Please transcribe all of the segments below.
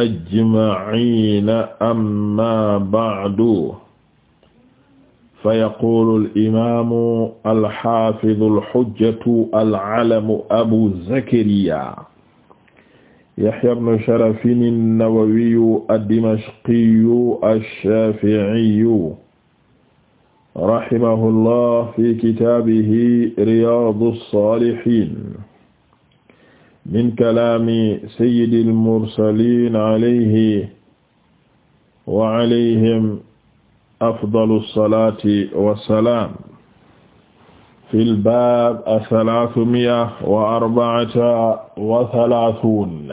ajmaciina amma bacdu fa yaquulu alimaamu alxaafidu alxujjatu alcalamu abu zakariya yaxya bnu sharafin annawawiyu addimashqiyu alshaaficiyu raximahu llah fi kitaabihi riyaadu alsaalixiin min kalaami sayyidil mursaliin alayhi wa alayhim afdalu salaati wa salaam fil baab asalaasu miya wa arba'ata wa salaasuun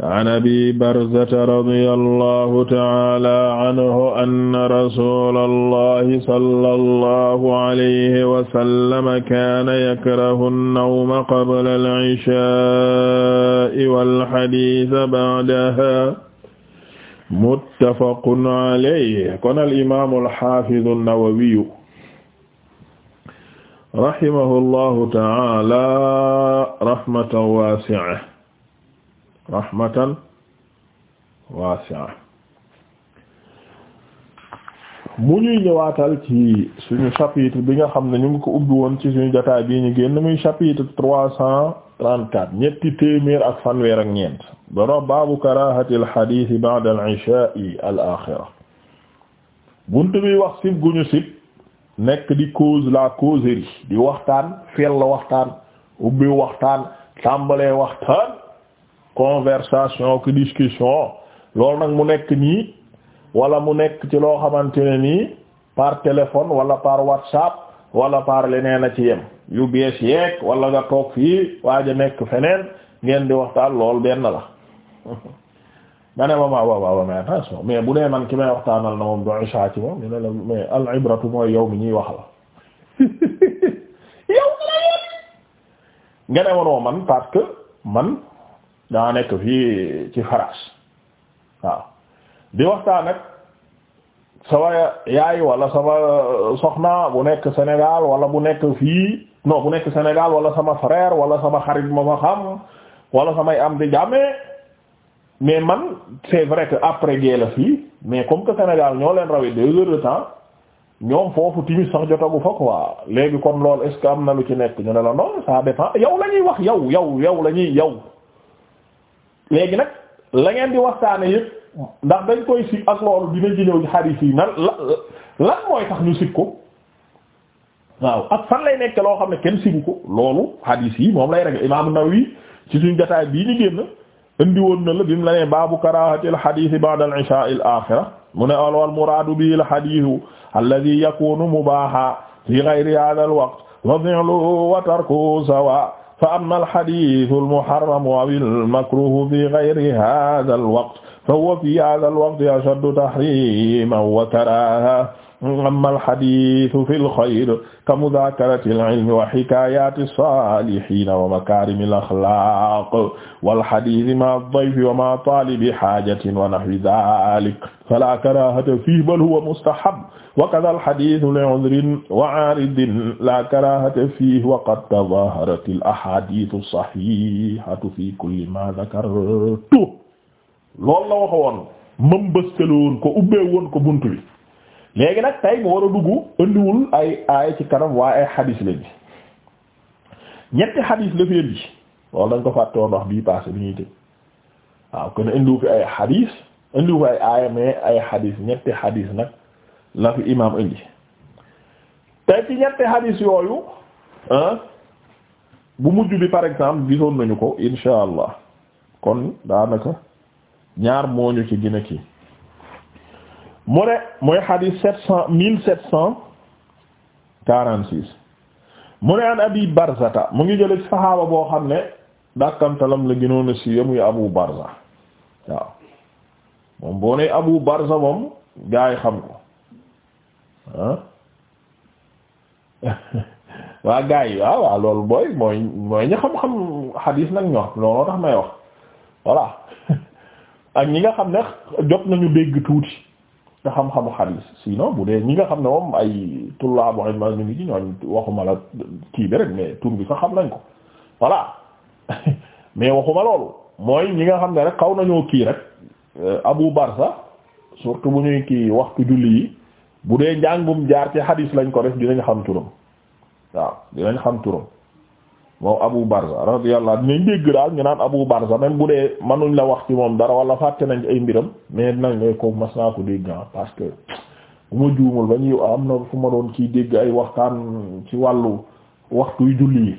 an abi barzata radiya allahu taala anhu anna rasula allahi salla allahu alayhi wasallama kaana yakrahu an-nawma qabla al-ishaa'i wal-hadiitha ba'daha muttafaqun alayhi kon al-imaamu al-haafidu an-nawawiyu rahimahu allahu taala rahmatan waasi'a rahmatan wasi'a mu ñuy ñëwaatal ci suñu chapitre bi nga xam ne ñu ngi ko ubbi woon ci suñu jotaay bii ñu génn muy chapitre trois cent trente-quatre ñetti téeméer ak fanweer ak ñeent dono baabu karahati al hadith ba'da al isha'i bunt bi wax sib guñu sib nekk di cause la causerie di waxtaan feel la waxtaan ubbi waxtaan tàmbalee waxtaan conversation que discussion loolu nag mu nekk nii walla mu nekk ci loo xamante ne nii par téléphone wala par whatsapp wala par leneen a ci yem yu bees yeeg wala nga toog fii waaj a nekk feneen ngeen di waxtaan lool benn la nga ne ma waaw waaw attention mais bu dee man ki may waxtaanal na moom doo saa ci moom ñu mais al ibratu mooy yow mi ñuy wax la yow nga ne ma man parce man. daa nekk fii ci faras waaw di waxtaan ak sama yaay wala sama soxna bu nekk Sénégal wala bu nekk fii non bu nekk Sénégal wala sama frère wala sama xarit ma fa xam wala samay am di jàmme mais man c'est vrai que après gée la fii mais comme que Sénégal ñoo leen rawee deux heures de temps ñoom foofu timis sax jotagu fa quoi léegi kon loolu est-ce que am na lu ci nekk ñu ne la non ça dépend yow la wax yow yow yow la ñuy yow léegi nag la ngeen di waxtaane yëpp ndax dañ koy si ak loolu dinañ ci ñëw ci xadiis yi nan la lan mooy tax ñu sit ko waaw ak fan lay nekk loo xam ne kenn sibu ko loolu xadiis yi moom lay rek Imaam Nawawi ci suñu jotaay bii ñu génn indi woon na la bi mu la nee baabu karaahatil xadiisi ba'da al-ishaa'il aaxira mu ne al muraadu bihi al-xadiisu alladii yakuunu mubaahan fii gayri haadal waqt wa fi'luhu wa tarkuhu sawaa fa amma al-hadith al-muharram aw al-makruh fi ghayri hadha al-waqt fa huwa fi hadha al-waqt ashaddu tahriman wa karaha amma alhadithu fi lxayr ka mudakarati alilmi wa xikayati salihina wa makarimi alaxlaq walhadithi ma dayfi wa ma talibi hajatin wa nahwi dalik fala karahata fihi bal huwa mustahab wa kadha alhadithu li'udrin wa aridin la karahata fihi wa qad tadaharat alahadithu sahihatu fi kulli ma dhakartu loolu la waxoon mam bëstale woon ko ubbee woon ko buntu bi léegi nag tey mu war a dugg indiwul ay aaya ci kanam waaye ay xadis la bi ñetti xadis la fi indi loolu dañ ko fàttewoon wax bii passé bi ñuy tëj waaw kon indiwu fi ay xadis indiwu fi ay aaya ay xadis ñetti xadis nag la fi imaam indi tey ci ñetti xadis yooyu bu mujj bi par exemple gisoon nañu ko insha allah kon daanaka ñaar moo ñu ci gën a kii mu ne mooy xadis sept cent mille sept cent quarante six mu ne an abi barzata mu ngi jële ci saxaaba boo xam ne dàkkantalam la gënoon a siiwee muy abu barza waaw moom boo ne abu barza moom gaa yi xam ko ah. waa gaa yi waaw waaw loolu booy mooy mooy ñi xam-xam xadis nag ñoo looloo tax may wax voilà ak ñi nga xam ne jot nañu dégg tuuti ca xam-xamu xadiis sinon bu dee ñi nga xam ne moom ay tullaabu ilma ñu ngi ci ñooñ waxuma la kii bi rek mais tur bi sax xam nañ ko voilà mais waxuma loolu mooy ñi nga xam ne rek xaw nañoo kii rek euh, Abu Barza surtout bu ñuy kii waxtu julli yi bu dee njàngum jaar ci xadiis lañ ko def dinañ xam turam waaw dinañ xam turam moom Abu Barza radiyallahu dinañ dégg daal ñu naan Abu Barza même bu dee manuñ la wax ci moom dara wala fàtte nañ ci ay mbiram mais nañ ne ko mas naa ko dégg ah, parce que bu ma juumul ba am na fu ma doon dégg ay waxtaan ci wàllu waxtuy julli yi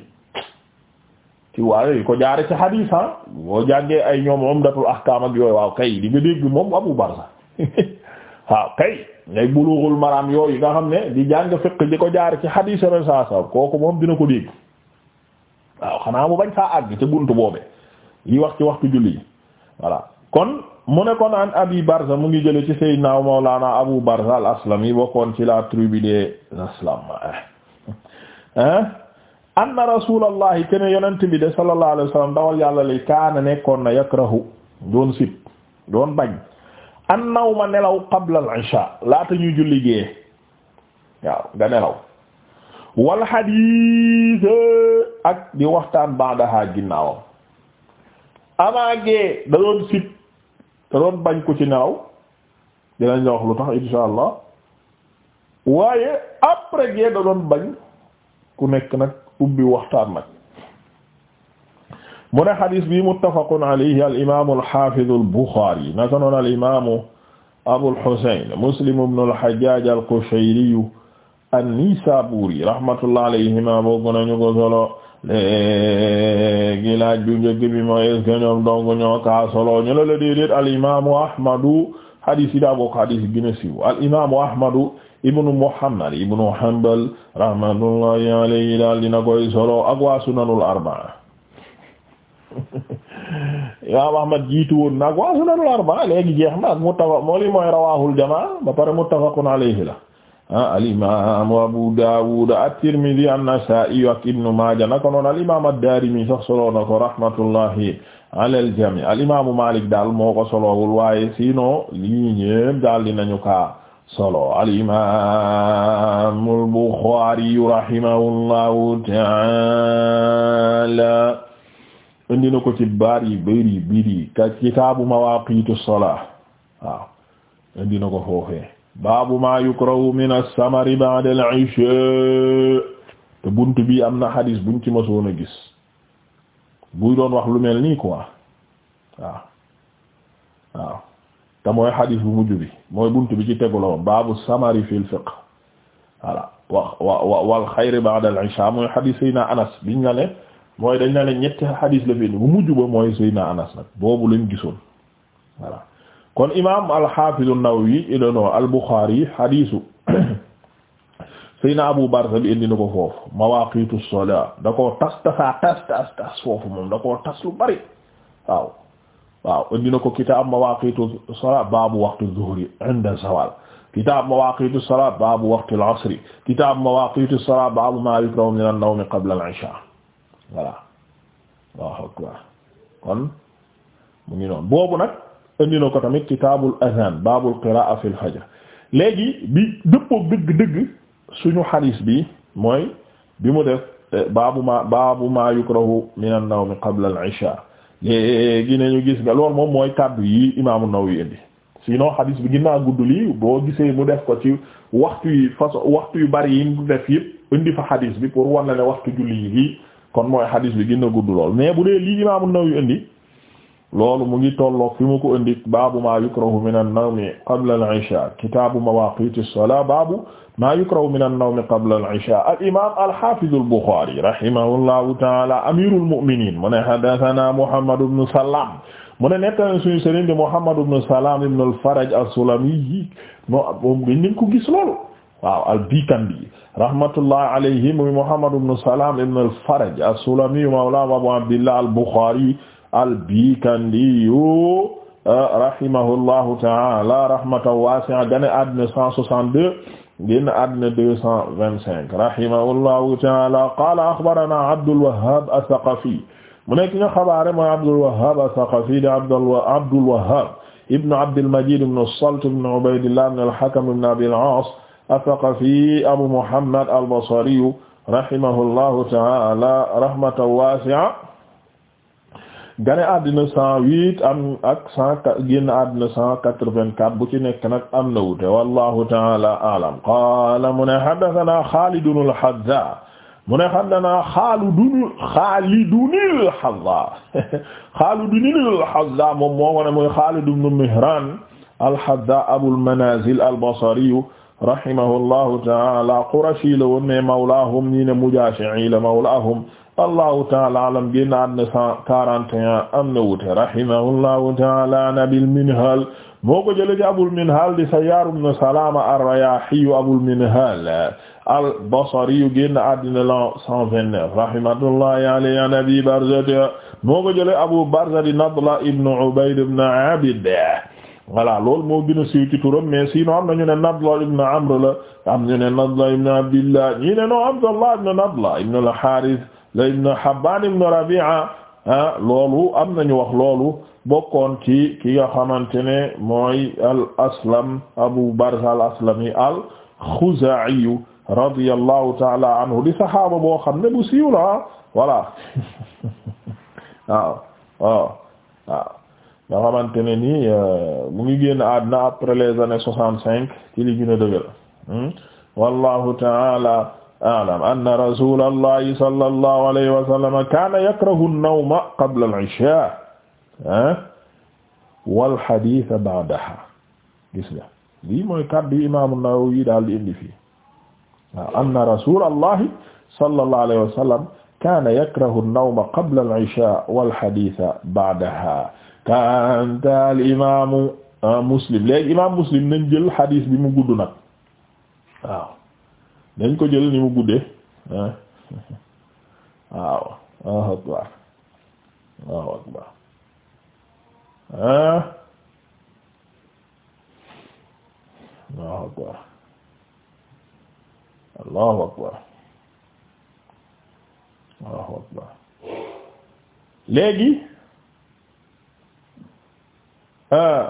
ci waaye ko jaare ci hadis ah boo jàngee ay ñoom Umdatul Ahkam ak yooyu waaw kay di nga dégg moom Abu Barza waaw kay ngay Bulughul Maram yooyu nga xam ne di jàng fiqh di ko jaare ci hadis Rasul sallallahu alayhi kooku moom dina ko dégg waaw xanaa mu bañ faa àgg ci buntu boobe yi wax ci waxtu julli yi voilà kon mu ne kon an abi barza mu ngi jële ci sayyidina mawlana abu barza al aslami bokkoon ci la tribu des aslam ah anna rasulallahi kene yonent bi de sallallahu alayhi wasallam dawal yàlla li kaana nekkoon na yakrahu doon sib doon bañ an nawma nelaw qabla al isha laata ñuy julli gée waaw nga nelaw wal xadiis ak di waxtaan baadaha ginnaawam amaagee da doon sit da bañ ku ci nelaw dinañ la wax lu tax insha allah waaye après gee da doon bañ ku nekk nag ubbi waxtaan nag mu ne xadis bi muttafaqun alayhi al imaamu al xaafidu al buxaari naka noonu al imaamu abul xusayn muslim ibnu al xajjaaj al qushayriyu an-Nisaburi rahmatullah alayhima bokk nañu ko solo léegi laaj bu njëkk mooy est-ce ñoo ka solo ñu la la al imaamu Ahmadu hadis daa bokk hadis yi gën a al imaamu Ahmadu ibnu Muhammad ibnu Hanbal rahmatullahi alayhi daal dina koy solo ak waa sunanul arbaa imaam Ahmad jiitu woon nag waa sunanul arbaa léegi jeex na ak muttafa moo li mooy rawaahul jamaa ba pare muttafaqun alayhi la Ah, alimamu Abu Dawud at-Tirmidhi an-Nasa'i ak Ibnu Maaja naka noonu alimamu ad sax solo na ko rahmatullahi ala al-jamii alimamu Maalik daal moo ko solowul waaye sinon lii ñépp daal ka solo alimamu al-Bukhaari rahimahullahu ta'ala indi na ko ci baar yi bari ka kitaabu mawaaqiitu salaah waaw indi na ko foofee baabu ma yukrahu min as-samari ba'da al-isha te bunt bi am na xadis buñ ci masoon a gis buy doon wax lu mel nii quoi waaw te mooy xadis bu mujj bi mooy bunt bi ci tegu la woon baabu samari fil fiqh voilà wa wa wal xayri ba'da al-isha mooy xadis Seyna Anas biñ la ne mooy dañ na ne ñetti xadis la fi bu mujj ba mooy Seyna Anas nag boobu lañ gisoon voilà kon imaam al-Haafiz an-Nawawi idono al-Bukhari hadisu sayna Abu Barza bi indi na ko foofu mawaaqiitu salaa da koo tas tasaa tas tas tas foofu moom da koo tas lu bari waaw waaw indi na ko kitaab mawaaqiitu salaa baabu waqti zuhri inda zawaal kitaab mawaaqiitu salaa baabu waqti al-asri kitaab mawaaqiitu salaa baabu maa yukrahu mina an-nawmi qabla al-ishaa voilà waaw kon mu ngi noonu boobu nag indi na ko tamit kitaabul azan baabul qiraa fil fajr léegi bi dëppoo dëgg dëgg suñu xadiis bi mooy bi mu def eh, baabu ma baabu ma yukrahu min an-nawmi qabla al-isha léegi nañu gis nga loolu moom mooy kàddu yi imaamu Nawawi indi sinon xadiis bi ginnaa gudd lii boo gisee mu def ko ci waxtu yi façon waxtu yu bari yi mu def yëpp indi fa xadiis bi pour wan la ne waxtu julli yi kon mooy xadiis bi gën a gudd lool mais bu dee lii imaamu Nawawi indi loolu mu ngi tolloog fi mu ko indi baabu maa yukrahu min an-nawmi qabla al al-isha al-imaam al-haafiz al-Buxaari rahimahullahu ta'aala amiirul mu'miniin mu ne haddathanaa Muhammad ibn Salaam mu ne nettali suñu sëriñ di Muhammad ibn Salaam al-Faraj ko gis loolu waaw al-Bikandi rahmatullahi sulami mawlaa Abu Abdillah al-Buxaari al-Bikandiyu euh, rahimahullahu ta'ala rahmatan wasi'a gane àddina 162 génn àddina 225 rahimahullahu ta'ala qala akhbarana Abdul Wahhab ath-Thaqafi mu nekk ñu xabaare mooy Abdul Wahhab ath-Thaqafi di Abdul Wahhab ibn Abdil Majid ibn as-Salt ibn Ubaydillah ibn al-Hakam ibn Abi al-As ath-Thaqafi Abu Muhammad al-Basri rahimahullahu ta'ala rahmatan wasi'a gane àddina cent huit am ak cent génn àddina cent quatre-vingt-quatre bu ci nekk nag am na wute wallahu taala alam qaala mu ne haddathana Xaalidunul Hazza mu ne haddathana Xaalidun Xaalidunil Hazza Xaalidunil Hazza moom moo ko ne mooy Xaalid ibn Mihraan al-Hazza Abul Manaazil al-Basri rahimahullahu taala Qurashi la woon ne mawlaahum ñi ne Mujaashi'i la mawlaahum allahu taala alam génn àddina cent quarante et un am na wute rahimahullahu taala nabil minhal moo ko jële ci abul minhal di sayyaar ibn salaama ar-rayaahiyu abul minhal al-basriyu génn àddina lan cent vingt-neuf rahimatullahi alayhi an abi barzata moo ko jële abu barza di nadla ibn ubayd ibn abid voilà loolu moo gën a siiw ci turam mais sinon am nañu ne Nadla ibn Amr la am nañu ne Nadla ibn Abdillah ñii ne noo Abdallah ibn Nadla ibn al-Harith la ibn Habbaan ibn Rabi'a loolu am nañu wax loolu bokkoon ci ki nga xamante ne mooy al aslam Abu Barz al aslami al Xuzaa'i radiyallahu ta'ala anhu di saxaaba boo xam ne bu siiw la voilà waaw waaw waaw nga xamante ne nii euh, mu ngi génn àdduna après les années soixante cinq ci li gën a dëgër hmm? wallahu ta'ala a'lam anna rasulallahi sallallahu alayhi wa sallam kaana yakrahu an-nawma qabla al-isha ah, wal hadith ba'daha gis nga lii mooy kàddu yi imaamu Nawawi daal di indi fii waaw anna rasulallahi sallallahu alayhi wa sallam kaana yakrahu an-nawma qabla al-isha wal hadith ba'daha kaana al-imaamu ah, Muslim léegi imaam Muslim nañ jël hadith bi mu gudd nag waaw. dañ ko jël ni mu guddee waaw waaw akbar waaw akbar ah waaw akbar allahu akbar allahu akbar léegi ah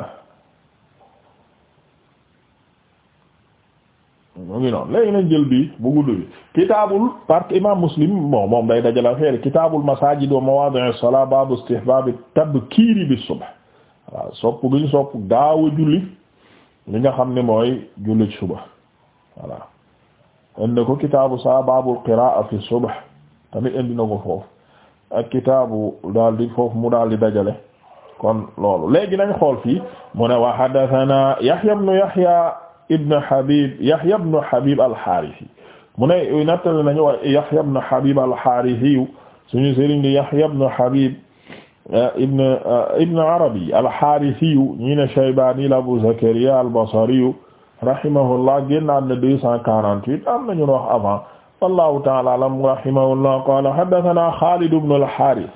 mu ngi noonu léegi nañ jël bii bu gudd bi kitaabul park imam muslim bon moom day dajale affaire kitaabul masaajid wa mawaadi'i salaa baabu istihbaabi tabkiiri bi subh waaw sopp gi ñu sopp gaaw a julli li nga xam ne mooy jullit suba voilà indi ko kitaabu saa baabul qiraa fi subh tamit indi na ko foofu ak kitaabu daal di foofu mu daal di dajale kon loolu léegi nañ xool fii mu ne wa haddathana Yahya ibn Yahya ibn Habib Yahya ibn Habib al-Harisi mu ne nettali nañu wa Yahya ibn Habib al-Harisi suñu sëriñ di Yahya ibn Habib eh, ibn eh, ibn Arabi al-Harisi ñi ne Shaybani la Abu Zakariya al-Basri rahimahullah génnaat na 248 am nañu wax avant wallahu ta'ala a'lam rahimahullah qala haddathana Khalid ibn al-Harith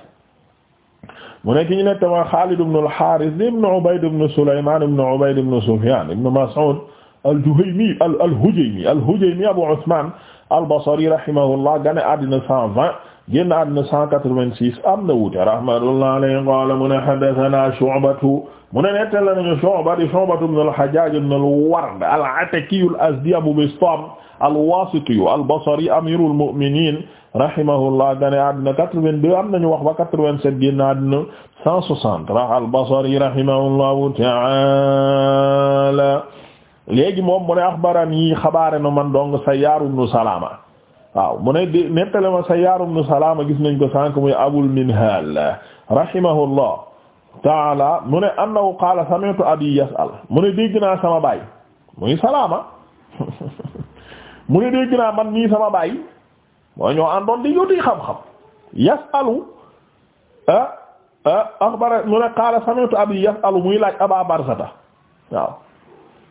mu nekk ñu ne tama Khalid ibn al-Harith ibn Ubayd ibn Sulayman ibn Ubayd ibn Sufyan ibn Mas'ud al-Juhaymi al al-Hujaymi al-Hujaymi Abu Usman al-Basri rahimahullah gane àddina 120 génn àddina 186 am na wuute rahmatullahi alayhi qala mu ne haddathana Shu'batu mu ne nettal nañu Shu'ba di Shu'batu ibn al-Hajjaj ibn al-Ward al-Ataki al-Azdi Abu Bistam al-Wasiti al-Basri amirul mu'minin rahimahullah gane àddina 82 am nañu wax ba 87 génn àddina 160 al-Basri rahimahullahu ta'ala léegi moom mu ne axbarani xabaare na man dong Sayyaar ibnu Salaama waaw mu ne di nettale ma Sayyaar ibnu Salaama gis nañ ko sànq muy Abul Minhaal rahimahullah taala mu ne annahu qaala sami'tu abi yas'al mu ne dégg naa sama baay muy Salaama mu ne dégg naa man nii sama baay mooy ñoo àndoon di yuti xam-xam yas'alu ah ah axbara mu ne qaala sami'tu abi yas'alu muy laaj Abaa Barzata waaw.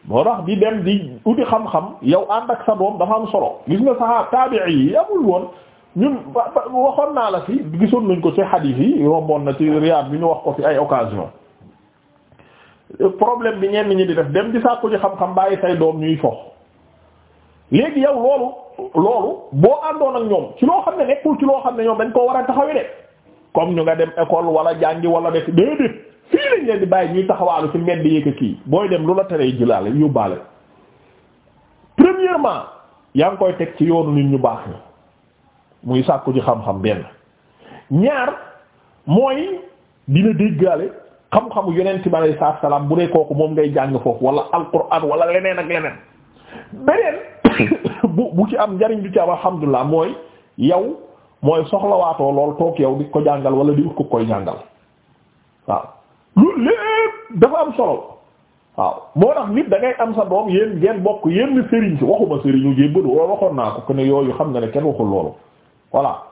boo tax di dem di uti xam-xam yow ànd ak sa doom dafa am solo gis nga saxaaba taabi'i yi amul woon ñun waxoon naa la fi gisoon nañ ko ci xadiis yi romboon na ci Riyad bi ñu wax ko fi ay occasion problème bi ñenn ñi di def dem di sàkku ci xam-xam bàyyi say doom ñuy fox léegi yow loolu loolu boo àndoon ak ñoom ci loo xam ne nekkul ci loo xam ne ñoom dañ koo war a taxawi de comme ñu nga dem école wala jàngi wala def déedéet lañ leen di bàyyi ñuy taxawaalu ci mbedd yëkka kii booy dem lu la teree jëlaale yóbbaale premièrement yaa ngi koy teg ci yoonu nit ñu baax ni muy sàkku ci xam-xam benn ñaar mooy dina déggaale xam-xamu yeneen bi alayhi salaatu bu dee kooku moom ngay jàng foofu wala alquran wala leneen ak leneen beneen bu bu ci am njariñ du ci am alhamdulilah mooy yow mooy soxlawaatoo lool toog yow di ko jàngal wala di ut ko koy jàngal waaw lu lépp dafa am solo waaw moo tax nit da am sa doom yéen ngeen bokk yenn sëriñ si waxuma sëriñu jébbalu wala waxoon naa ko que ne yooyu xam nga ne kenn waxul loolu voilà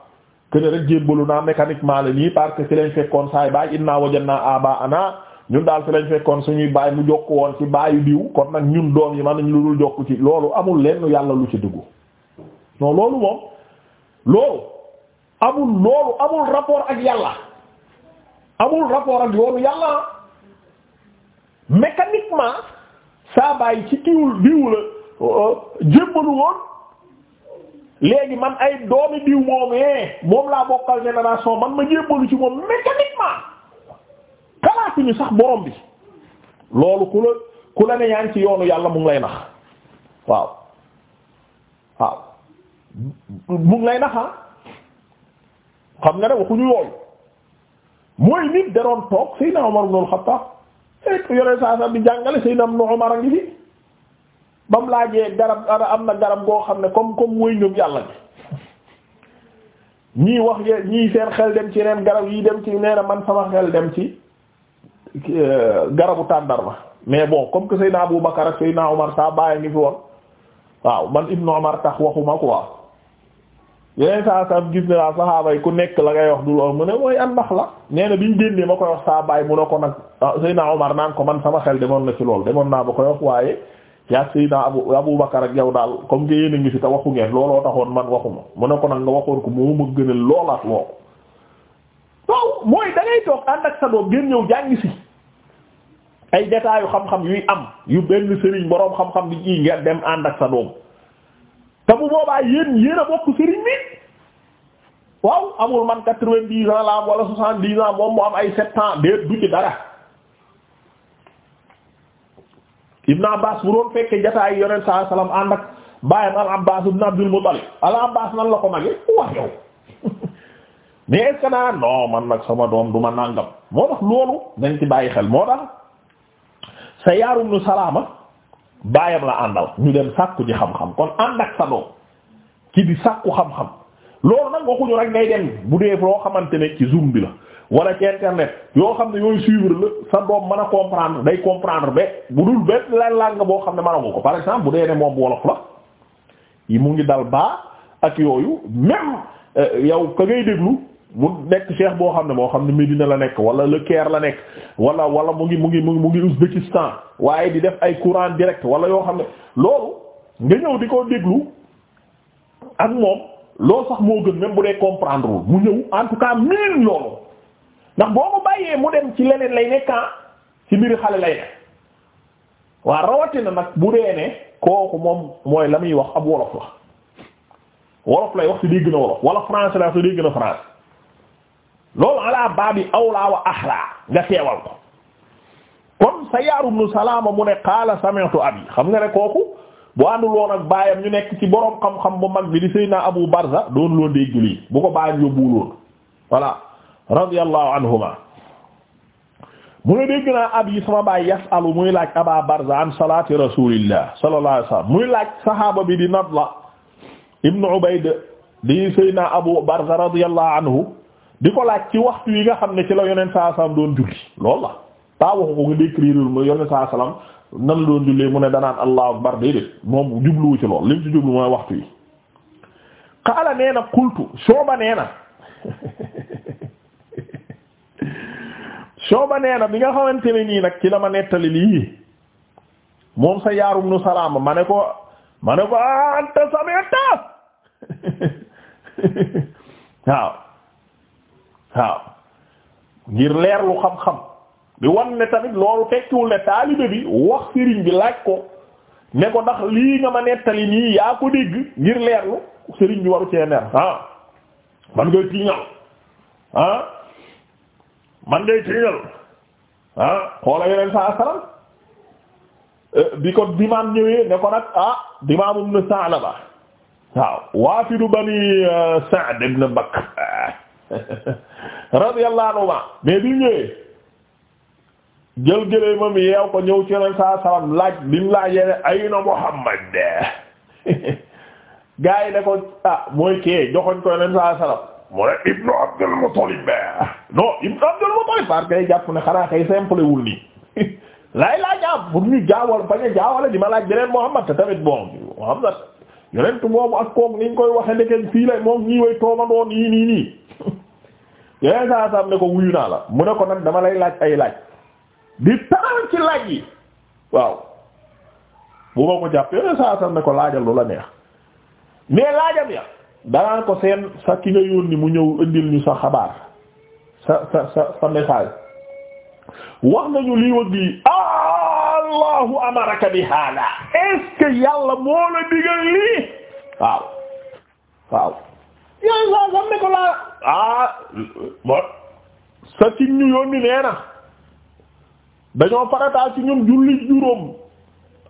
que ne rek jébbalu naa mécaniquement la nii parce que si lañ fekkoon saay baay innaa wajadnaa aba ana ñun daal fi lañ fekkoon suñuy baay mu jokk woon ci baayu diw kon nag ñun doom yi man nañ lu dul jokku ci loolu amul lenn yàlla lu ci duggu non loolu moom loolu amul loolu amul rapport ak amul rapport ak yoonu yàlla mécaniquement saa bàyyi ci kiiwul diw la euh, jébbalu woon léegi man ay doomi diw moomee moom laa bokkal génération man ma jébbalu ci moom mécaniquement ñu sax borom bi loolu ku la ku la ne yaa ngi ci yoonu yàlla mu ngi lay nax waaw waaw mu ngi lay ah. xam nga ne waxuñu yooyu mooy nit da doon toog Seydina Omar ibn al-Khattab fekk yore saa saa di jàngale Seydina Omar a ngi fi ba mu laajee garab am na garab goo xam ne comme comme mooy ñoom yàlla bi ñii wax ngeen ñii seen xel dem ci yeneen garab yi dem ci nee na man sama xel dem ci euh, garabu tàndarma mais boo comme que Seydina Abu Bakar ak Seydina Omar saa bàyyi ngi fi woon waaw man Ibn Omar tax waxuma quoi. yeneen saa saam gis ne la saxaaba ku nekk la ngay wax du lool mu ne mooy an ndax la nee na biñ génnee ma koy wax saa baay mu ne ko nag ah, Seydina Omar naan ko man sama xel demoon na ci lool demoon naa ba koy wax waaye yaa Seydina Abu Abu Bakar yow daal comme a ngi fi te waxu ngeen looloo taxoon man waxuma mu ne ko ko moo ma ko. donc mooy da ngay toog ànd sa doom ngeen ñëw jàngi si ay jataayu xam-xam yuy am yu benn sëriñ boroom xam-xam bi ji ngeen dem ànd ak sa doom. te bu boobaa yéen yéen a bokk sëriñ bi waaw amul man quatre-vingt-dix ans la am wala soixante-dix ans moom mu am ay sept ans du ci dara Ibn Abbas bu doon fekkee jataay yonent saa salaam ànd ak baayam al Abbas ibn Abdul Muttalib al Abbas nan la ko magi wax yow mais est naa non man nag sama doom du ma nàngam moo tax loolu nañ ci bàyyi xel moo tax sa yaarum nu salaama baayam la àndal ñu dem sàkku ji xam-xam kon ànd ak sa doom ci di sàkku xam-xam loolu nag waxuñu rek ngay dem bu dee loo xamante ne ci zoom bi la wala ci internet yoo xam ne yooyu suivre la sa doom mën a comprendre day comprendre ba bu dul benn la nga boo xam ne man mën ko par exemple bu dee ne moom wolof la yi mu ngi dal baa ak yooyu même euh, yow ka ngay déglu. mu nekk cheikh boo xam ne moo xam ne Médina la nekk wala Le Caire la nekk wala wala mu ngi mu ngi mu ngi Ouzbékistan waaye di def ay courant direct wala yoo xam ne loolu nga ñëw di koo déglu ak moom loolu sax moo gën même bu dee comprendre wul mu ñëw en tout cas miin loolu ndax boo ko bàyyee mu dem ci leneen lay nekkan ah ci mbiri xale lay nekk waa rawatina nag bu dee ne kooku moom mooy la muy wax ab wolof la wolof lay wax si dégg na wolof wala français la si dégg loolu ala baabi awlaa wa axlaa nga teewal kon Sayyaar ibn Salaama mu ne qaala sami'tu abi xam nga ne kooku bu àndul woon baayam ñu nekk ci boroom xam-xam bu mag bi di Seydina Abu Barza doon loo dégg lii ko baayam yóbbuwul woon voilà radiyallahu anhuma mu ne dégg naa ab yi sama baay yasalu muy laaj Aba Barza an salaati rasulillah sallallahu muy laaj saxaaba bi di Nadla ibnu Ubayd di Seydina Abu Barza radiyallahu anhu di ko laaj ci waxtu yi nga xam ne ci la yonent saa salaam doon julli loolu la pas waxu ko nga décrire mu moom jubluwu ci lool lim ci jublu mooy na qultu Shuba nee na bi nga xamante ne nii nag ci la ma nettali lii moom sa yaarum nu salaama ma ne ko ma ne ko anta sameta waaw waaw ngir leerlu xam-xam di wan ne tamit loolu tekkiwul ne taalibe bi wax sëriñ bi laaj ko ne ko ndax lii nga ma nettali nii yaa ko dégg ngir leerlu sëriñ bi waru cee ner ah man ngay tiiñal ah man ngay tiiñal ah xoola yeneen saa saral bi ko dimaam ñëwee ne ko nag ah dimaamum na saala ba waaw waafidu bani eh, Sa'd ibn Bakr ah. radiyallahu anhu mais bi ñëwee jël gëléey moom yeew ko ñëw ci yeneen saa salaam laaj bi mu laajee ayna Muhammad gaa yi ne ah, mooy kee joxoñ ko yeneen saa salaam ne ibnu Abdul Muttalib non ibnu Abdul Muttalib parce que jàpp ne xanaa kay simple wul nii laay laaj am ah, pour ñu jaawal bañ a jaawale di ma laaj beneen Muhammad te tamit bon Muhammad yonent moomu ak koog niñ koy waxe ndekeen fii lay moom ñii way toomandoon yii nii nii yeneen saa saam ne ko wuyu naa la mu ne ko nag dama lay laaj ay laaj di taral ci laaj yi waaw bu ma ko jàpp yeneen saa ne ko laajal lu la neex mais laajam ya danaa ko seen sa ki nga yónni mu ñëw indil ñu sa xabaar sa sa sa message wax nañu lii wëgg yi allahu amaraka bi hada est yàlla moo la digal lii waaw waaw yooyu saa sam ne ko laa ah, sa ci ñu yónni nee na dañoo farataal ci ñoom julli juróom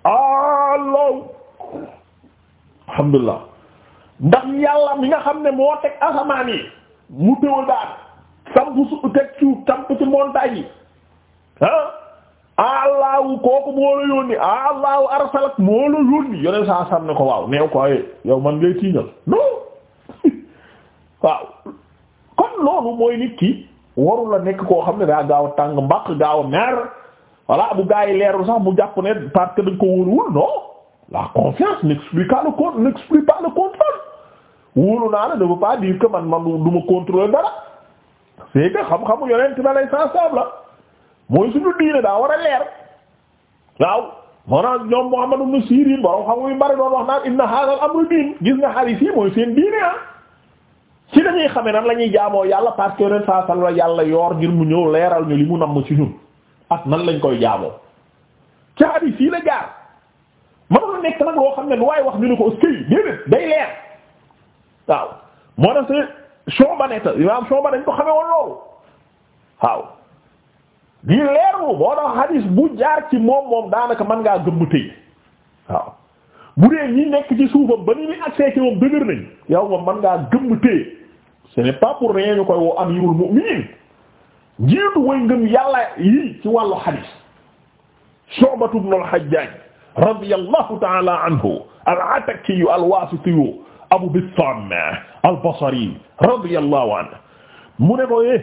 allahu alhamdulillah ndax yàlla mi nga xam ne moo teg asamaan yi mu tëwa daal samp su ci samp ah allahu kooku moo la yónni allahu arsalak moo la yónni yoneen saa sam ne ko waaw neew ko ay yow man ngay tiiñal non waaw kon loolu mooy nit ki warul la nekk koo xam ne daa gaaw a tàng mbaq gaaw a mer bu gaa yi leerul sax mu jàpp ne parce que dañ ko wóoruwul non la confiance n'explique pas le con n'explique pas le contrôle wóolu naa la ne veut pas dire que man man du ma contrôler dara c'est que xam-xamu yonent ba lay sensible la mooy suñu diine daa war a leer waaw moo naa ñoom Muhammad ibn Sirin borom xamuy bari doon wax naan inna hadha al-amru diin gis nga xaris yi mooy seen diine ah. ci lañuy xamee nan lañuy ñuy jaamoo yàlla parce que ren la yàlla yoor ngir mu ñëw leeral ñu li mu namm ci ñun ak nan lañ koy jaamoo caabi fii la jaar mëna la nekk nag loo xam ne lu waaye wax ñu ne ko askey déedéet day leer waaw moo tax se chobaneta imam choba dañ ko xamee woon loolu waaw di leerlu moo tax hadis bu jaar ci moom moom daanaka mën ngaa gëmm tëy waaw bu dee ñi nekk ci suufam ba ni muy accès ci moom dëgër nañ yow man ngaa gëmm téye ce n'est pas pour rien koy woo amirul mu'minin njiitu way ngëm yàlla ci wàllu hadith Shu'batu ibn al-Hajjaj radiyallahu ta'ala anhu al-Ataki al-Wasiti Abu Bistam al-Basri radiyallahu anhu mu ne ko eh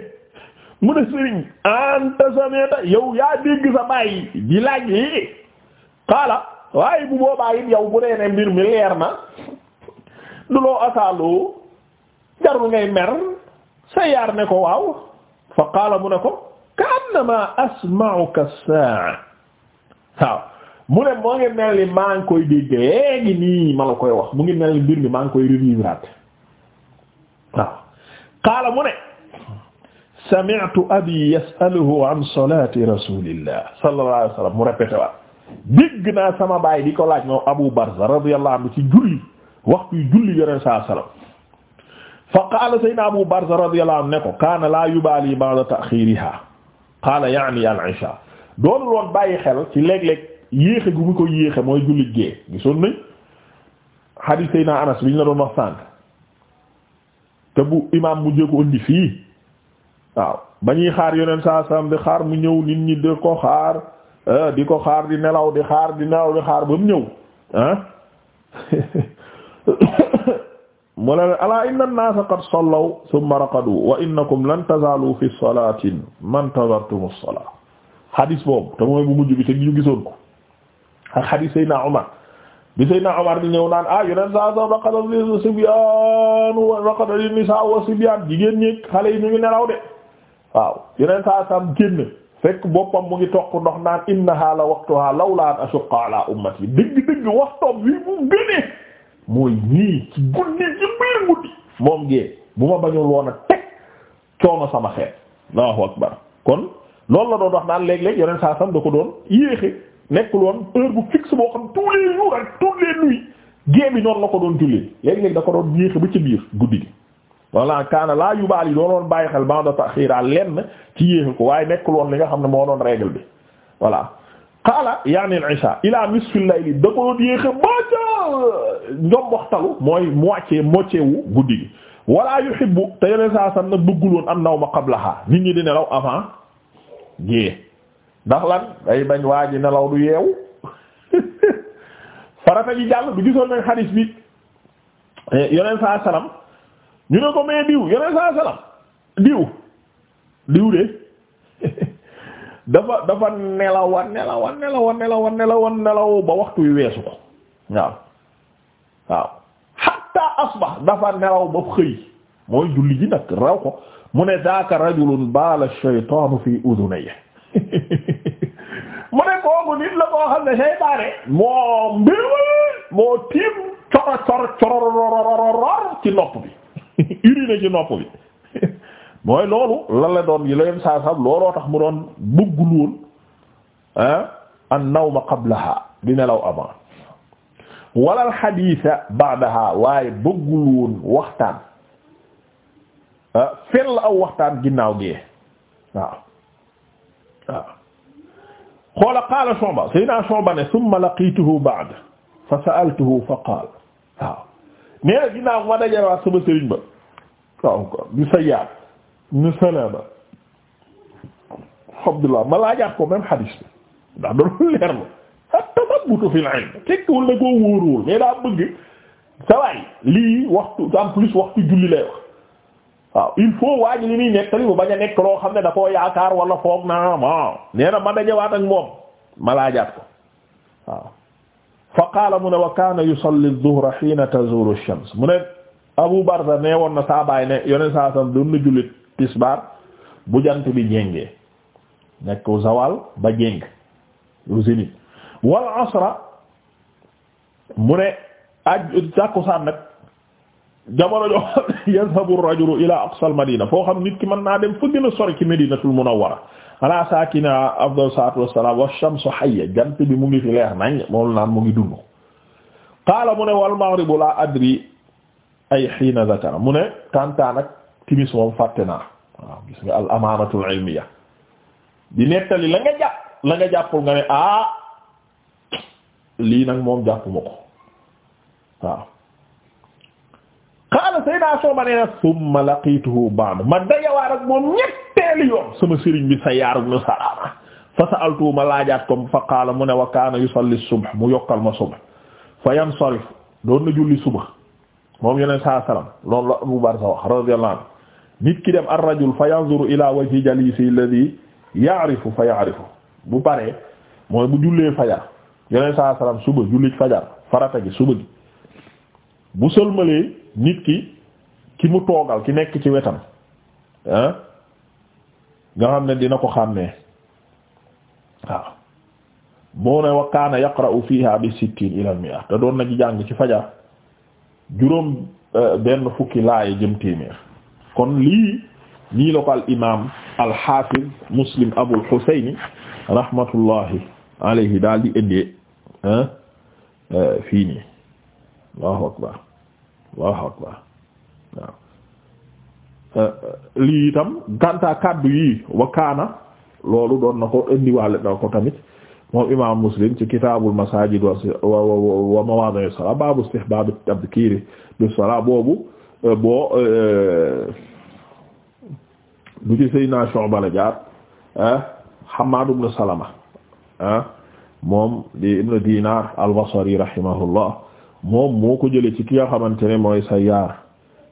mu ne Serigne anta yow yaa dégg sa baay di laaj yi eh, waaye bu boobaa it yow bu dee ne mbir mi leer na du loo asaaloo jarul ngay mer sa ne ko waaw fa mu ne ko kaannama asma'uka as-sa'a waaw mu ne moo ngi mel ni koy dégg léegi nii ma la koy wax mu ngi mel ni mbir mi maa ngi koy revivre waaw mu ne sami'tu abi yas'aluhu an salati rasulillah sallallahu alayhi mu répété waat dégg naa sama baay di ko laaj moom Abu Barza radiyallahu anhu ci julli waxtu julli yore saa salaam fa qaala sayyidina Abu Barza radiyallahu anhu ne ko kaana laa yubaali ba'da ta'xiiriha qaala ya'ni al-isha doonul bàyyi xel ci léeg-léeg yéexe gu mu ko yéexe mooy julli gee gisoon nañ hadith sayyidina Anas bi ñu la doon wax sànq te bu imaam mu jéego indi fii waaw ba ñuy xaar yoneen saa salaam di xaar mu ñëw nit ñi de ko xaar. Eh, di ko xaar di nelaw di xaar di nelaw di xaar ba mu ñëw ah mu ne alaa inna an qad sallaw thumma raqadu wa innakum lan tazaalu fi salaatin man tazartumu as-salaat hadis boobu te mooy bu mujj bi te gisoon ko ak hadis Seydina Omar bi Seydina Omar di ñëw naan ah yeneen saa soxna raqada sibyaan wa raqada li nisaa wa sibyaan jigéen ñi xale yi ñu ngi nelaw de waaw yeneen saa sam génn. fekk boppam mu ngi toq ndox naan innaha la waqtuha lawla an ashqa ala ummati dëgg-dëgg waxtoom wi mu gënee mooy nii ci guddi moom gee bu ma bañul woon a teg coono sama xeet allahu akbar kon loolu la doon wax naan léeg-léeg yoneen saa sam da ko doon yéexe nekkul woon heure bu fixe boo xam tous les jours ak bi noonu la ko doon jullee léeg-léeg da ko doon yéexe ba ci biir guddi gi wala kaana laa yubaal yi doonoon bàyyi xel ba'da taxiira lenn ci yéexi ko waaye nekkul woon li nga xam ne moo doon règle bi voilà qaala yaani al-isha ila nisfil layli da ko yéexe baaca njom waxtalu mooy moitié moitié wu guddi gi wala yuhibbu te yeneen saa san ñu ne ko mais diw yeneen saa salaam diw diw de dafa dafa nelawa nelawa nelawa nelawa nelawa nelaw ba waxtu wi weesu ko waaw waaw hatta asbax dafa nelaw ba xëy mooy julli ji nag raw ko mu ne daaka rajulun baala shaytaanu fi udunayhi mu ne kooku nit la koo xam ne seytaane moo mbir moo tiim coro coro coro ci nopp bi urine ci nopp bi mooy loolu lan la doon yi la yenn saa sax looloo tax mu doon bëggul woon ah, an nawma qablaha di nelaw avant wala al haditha ba'daha waaye bëggul woon waxtaan ah, fell aw waxtaan ginnaaw gi waaw waaw xoola qaala Shu'ba sayna Shu'ba ne thumma laqituhu ba'd fa sa'altuhu fa qaala waaw nee na ginnaaw ma dajewaat sama sëriñ ba waaw ko di sa yaat ñu salama Abdullah ma laajaat ko même hadis bi ndax doon leer la at-tathabbutu fil ilm tekkiwul ne koo wóoruwul mais daa bëgg sa waay lii waxtu en plus waxtu julli lay wax waaw il faut waaj li muy nekk mu bañ a nekk loo xam ne da koo yaakaar wala foog naa ma nee na ma dajewaat ak moom ma laajaat ko waaw fa qaala mu ne wa kaana yusalli zuhra hiina tazuulu shams mu ne Abu Barza nee woon na saa baay ne yoneen saa sam doon na jullit tisbaar bu jant bi jéngee nekk zawal ba jéng lu zénith wal asra mu ne aj tàkkusaan nag jamono joo yazhabu ar-rajulu ila aqsal madina foo xam nit ki mën naa dem fa gën a sori ci Madinatul Munawwara ala saakina afdal salaatu wassalaam wa shamsu hayya jant bi mu ngi fi leer nañ moom naan mu ngi dund qaala mu ne wal maghribu laa adri ay xiina zakara mu ne kantaan ak timis moom fàtte naa waaw gis nga nettali la nga jàpp la nga ne ah lii nag moom jàppuma ko xaala sayna sooba nee na summa laqituhu ba'd ma dajawaar ak moom ñetteeli yoon sama sëriñ bi Sayyaar ibn Salaama fa sa'altu ma laajaat ko fa qaala mu ne wa kaana yusalli subh mu yokkal ma subh fa yansarif doon na julli suba moom yeneen saa salaam loolu la Abu Barza wax radiyallahu anhu nit ki dem ar-rajul fa yanzuru ila wajhi jalisi alladhi ya'rifu fa ya'rifu bu paree mooy bu jullee fajar yeneen saa salaam suba jullit fajar farata gi suba gi bu sëlmalee nit ki ki mu toogal ki nekk ci wetam ah nga xam ne dina ko xàmmee waaw moo ne wa kaana yaqra'u fiha bi te doon na ci jàng ci fajar juróom eh, benn fukki laaye jëm téeméer kon lii nii la ko al imam al hafiz muslim abul husayn rahmatullahi alayhi daal di indee ah, eh, fii nii allahu akbar Allahu akbar waaw eh, kaddu yi wa loolu doon na ko indiwaale ko tamit moom imaam Muslim ci kitaabul masaajid wa wa wa baabu istihbaab at-tabkiir boobu eh, boo eh, du ci Seydina la jaar Hammaad ibn Salama moom di ibn Diinaar al rahimahullah moom moo ko jële ci ki nga xamante ne mooy Sayyaar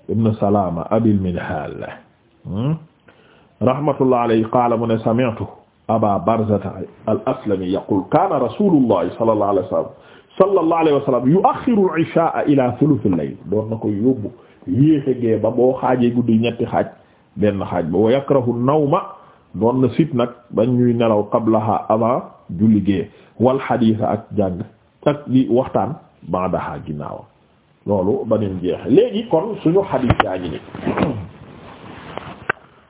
ibn Salaama Abil Minhaal hmm? rahmatullah alayhi qaala mu ne sami'tu Abaa Barzata al-Aslami yaqul kaana rasuulullahi sallallahu alayhi wa sallam sallallahu alayhi wa sallam yu'axxiru al-ishaa'a ilaa thuluthil layl doon na ko yóbbu yéexe gee ba boo xaajee guddi ñetti xaaj benn xaaj ba wa yakrahu an-nawma doon na sit nag bañ ñuy nelaw qablaha avant julli gee wal hadiis ak jàng ak di waxtaan baadaha ginnaawam loolu banim jeexe léegi kon suñu xadiis yaa ngi ni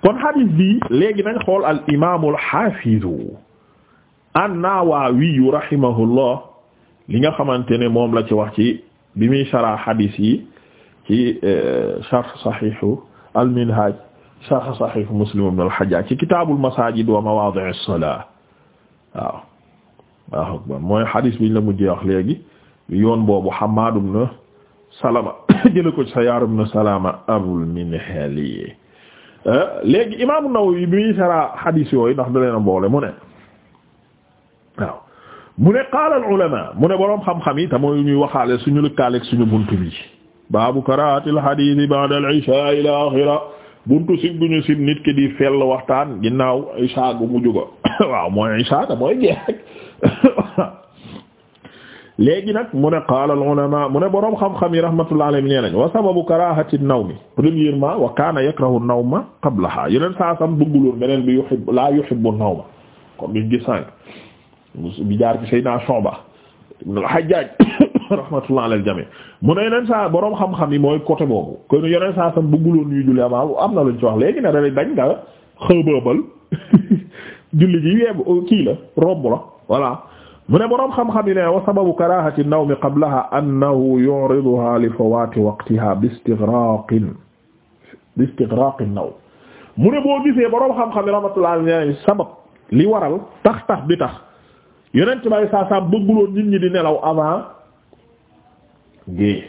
kon xadiis bi léegi nañ xool al imaamu al xaafidu an-Nawawi rahimahullah li nga xamante ne moom la ci wax ci bi muy sharh xadiis yi ci eh, sharh saxiixu al minhaj sharh saxiixu muslim ibn al hajjaj wa mawaadi'is salaa waaw mooy xadiis biñ la mujjee wax léegi yoon boobu Hammad ibn Salama jële ko ci Sayyaar ibn Salama Abul Minhali eh, léegi Imaam Nawawi bi sara xadiis yooyu ndax da leen boole mu ne waaw mu ne qaala al-ulamaa mu ne boroom xam-xam yi te mooy ñuy waxaale suñu lëkkaaleeg suñu bunt bi baabu karaatil xadiis ba'da al-ishaa ila aaxira buntu sib sib nit ki di fell waxtaan ginnaaw ay gu mu jóga waaw mooy ishaa te mooy jeex léegi nag mu ne qaala al ulama mu ne boroom xam-xam yi rahmatullahi alayhi nee nañ wa sababu karahati nawmi premièrement wa kaana yakrahu nawma qablaha yeneen saa sam bëgguloon beneen bi yuhibbu la yuhibbu nawma comme biñ gis sànq bi jaar ci Seydina Shuba ibn al-Hajjaj rahmatullah alal jami mu ne yeneen saa boroom xam-xam yi mooy côté boobu kon yeneen saa sam bëgguloon ñuy julli am na luñ ci wax léegi ne da dañ nga xëbaabal julli ji yeebu mu ne boroom xam-xam yi ne wa sababu karahati nawmi qablaha annahu yuriduha li fawati waqtiha bi istighraqin mu ne boo gisee boroom xam-xam yi rahmatullah sabab li waral tax tax bi tax yonent bay saa bëgguloon nit ñi di nelaw avant géeye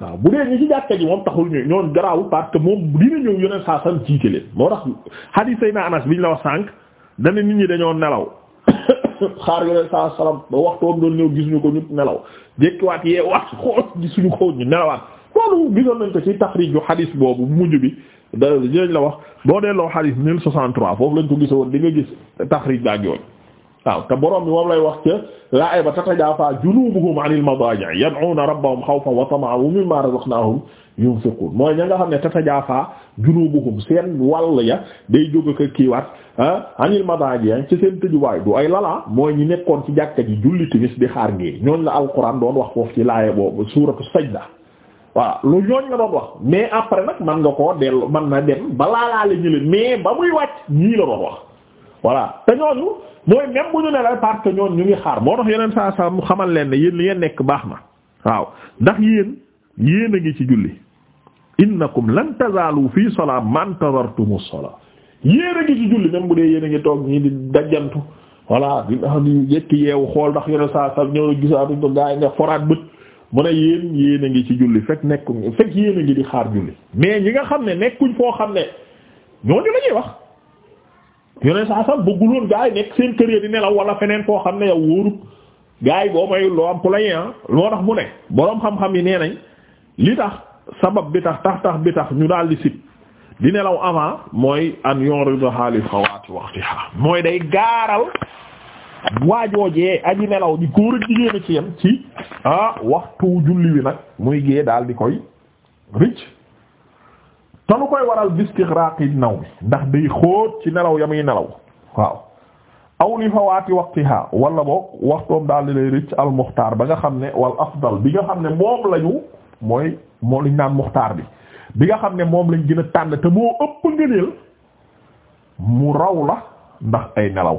waaw bu dee ñi ci jàkka ji moom taxul ñoon garaawul parce moom dina ñëw yonent saa jiite leen moo tax hadis say na anas biñ la wax sànq dana nit ñi dañoo nelaw xaar yoneen saa salaam ba waxtoom doon ñëw gisuñu ko ñu nelaw waat yee wax xool gisuñu ko ñu nelawaat loolu gisoon nañ ko ci taxrij yu xadis boobu mujj bi da dinañ la wax boo delloo xadis mille soixante-trois foofu lañ ko gisoon di nga gis taxrij daag yooyu waaw te borom bi moom lay wax ca laay ba tatajaafaa junuubuhum anil madaaji' yad'uuna rabbahum xawfan wa tama'an wa mimmaa yunfiqun mooy ña nga xam ne tatajaafa junubuhum seen wàll ya day jóg ak kiiwaat ah anil madaaji ah, ci seen tëjuwaay du ay lala mooy ñi nekkoon ci jàkka ji julli timis di xaar ngee ñooñ la alquran doon wax foofu ci laaya boobu suuratu sajda voilà lu ñooñ nga doon wax mais après nag man nga koo dellu man na dem balaa laa la ñële mais ba muy wàcc ñii la doon wax voilà te ñooñu mooy même bu ñu ne la parce que ñoon ñu ngi xaar moo tax yeneen saa saa mu xamal leen ne yéen li ngeen nekk baax na waaw ndax yéen yéen a ngi ci julli innakum lan tazaalu fii salaa man tadartumu salaa yéen a ngi ci julli même bu dee yéen a ngi toog ñii di dajjantu voilà di di yeewu xool ndax yore saa sa ñëw na gisaatuñ ko gaa yi nga foraat bët mu ne yéen yéen ngi ci julli fekk nekkuñ fekk yéen ngi di xaar julli mais ñi nga xam ne nekkuñ foo xam ne ñooñu la wax yore saa sa bëgguloon gaa yi nekk seen kër ya di nelaw wala feneen foo xam ne yow wóorut gaa boo may loo am ku la ah. tax mu ne boroom xam yi nee nañ sabab bi tax tax tax bi tax ñu daal di sit di nelaw avant mooy an yuridu haali fawaati waqtiha mooy day gaaral waajoojee aji nelaw di góor ak jigéen ci yem ci ah waxtu julli wi nag muy gée daal di koy ricc te lu koy waral bistigraqi naw mi ndax day xóot ci nelaw ya muy nelaw waaw aw li fawaati waqtiha wala boog waxtoom daal di lay ricc al muxtaar ba nga xam ne wal afdal bi nga xam ne moom lañu mooy moo luñ naan muxtaar bi bi nga xam ne moom lañ gën a tànn te moo ëpp ngëneel mu raw la ndax ay nelaw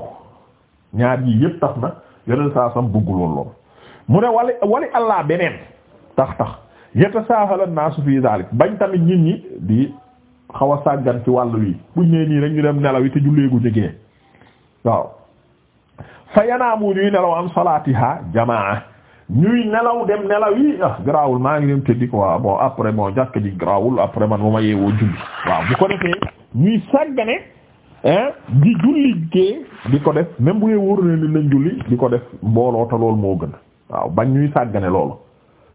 ñaar yii yëpp tax na yeneen saa sam bëggul lool mu ne wali wali allah beneen tax tax yatasaahala naasu fii daalik bañ tamit nit ñi di xaw a sàggan ci wàll wi buñ nee nii rek ñu dem nelaw yi te julleegu jegee waaw fa yanaamu ñuy nelaw am salaatiha jamaa ñuy nelaw dem nelaw yi ah garaawul maa ngi dem tëddi quoi bon après moo jàkk ji garaawul après man bu ma yeewoo julli waaw bu ko defee ñuy sàggane di julli gée di ko def même bu dee wóor na ni lañ julli di ko def mbooloo te loolu moo gën waaw bañ ñuy sàggane loolu